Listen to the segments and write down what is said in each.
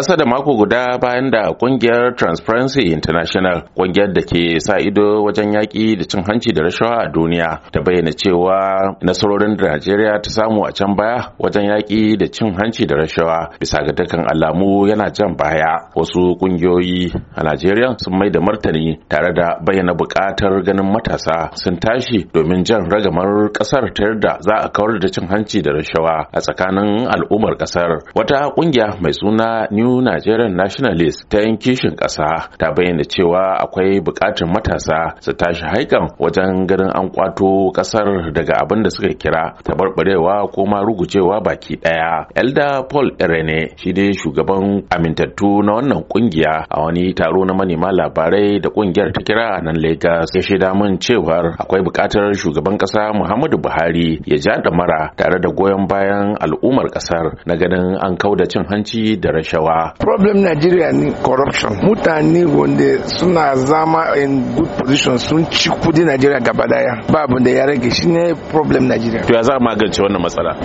Kasa da mako guda bayan da ƙungiyar transparency international ƙungiyar da ke sa ido wajen yaƙi da cin hanci da rashawa a duniya ta bayyana cewa nasarorin da najeriya ta samu a can baya wajen yaƙi da cin hanci da rashawa bisa ga dukkan alamu yana jan baya wasu ƙungiyoyi a najeriya sun mai da martani tare da bayyana buƙatar ganin matasa sun tashi domin jan ragamar ƙasar ta yarda za a kawar da cin hanci da rashawa a tsakanin al'ummar ƙasar wata ƙungiya mai suna new hannu Nigerian Nationalist ta yin kishin ƙasa ta bayyana cewa akwai buƙatar matasa su tashi haikan wajen ganin an kwato ƙasar daga abin da suka kira tabarbarewa ko ma rugucewa baki ɗaya. Elda Paul Irene shi dai shugaban amintattu na wannan ƙungiya, a wani taro na manema labarai da ƙungiyar ta kira a nan Lagos ya shaida min cewa akwai bukatar shugaban ƙasa Muhammadu Buhari ya ja da mara tare da goyon bayan al'ummar ƙasar na ganin an kauda cin hanci da rashawa. ba. problem Nigeria ni corruption mutane wanda suna zama in good position sun ci kudi Nigeria gaba daya ba abin da ya rage ne problem Nigeria to ya za magance wannan matsala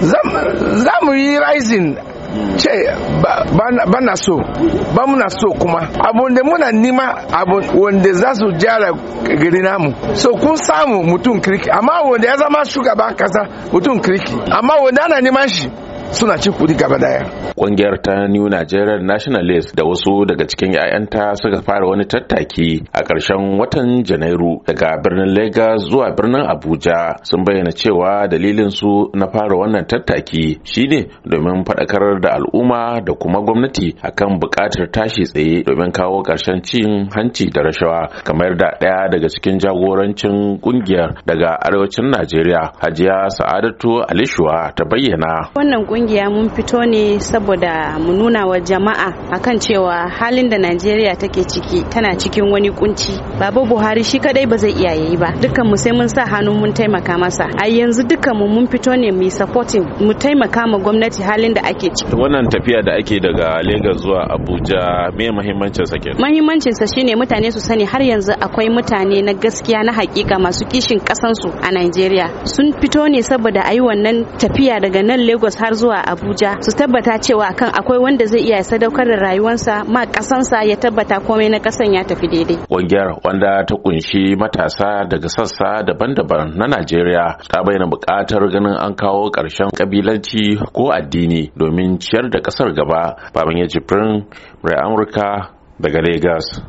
za mu yi rising ce ba na so ba muna so kuma abun da muna nima abun wanda za su jara gari namu so kun samu mutum kirki amma wanda ya zama shugaba kasa mutum kirki amma wanda ana neman shi suna cin kudi gaba daya. Kungiyar ta New Nigerian Nationalist da wasu daga cikin 'ya'yanta suka fara wani tattaki a ƙarshen watan Janairu daga birnin Lagos zuwa birnin Abuja sun bayyana cewa dalilin su na fara wannan tattaki shine domin faɗakar da al'umma da kuma gwamnati akan buƙatar tashi tsaye domin kawo ƙarshen cin hanci da rashawa kamar da ɗaya daga cikin jagorancin kungiyar daga arewacin Najeriya Hajiya Sa'adatu Alishuwa ta bayyana. kungiya mun fito ne saboda mu nuna wa jama'a akan cewa halin da Najeriya take ciki tana cikin wani kunci. Baba Buhari shi kadai ba zai iya yayi ba. Dukkan mu sai mun sa hannu mun taimaka masa. A yanzu dukkan mu mun fito ne mu supporting mu taimaka ma gwamnati halin da ake ciki. Wannan tafiya da ake daga Lagos zuwa Abuja me muhimmancin sa kenan? Muhimmancin sa shine mutane su sani har yanzu akwai mutane na gaskiya na hakika masu kishin kasansu a Najeriya. Sun fito ne saboda ayi wannan tafiya daga nan Lagos har zuwa zuwa abuja su tabbata cewa kan akwai wanda zai iya sadaukar da rayuwarsa ma kasansa ya tabbata komai na kasan ya tafi daidai ƙungiyar wanda ta kunshi matasa daga sassa daban-daban na najeriya ta bayyana buƙatar ganin an kawo ƙarshen kabilanci ko addini domin ciyar da ƙasar gaba baban ya jibrin amurka daga Legas.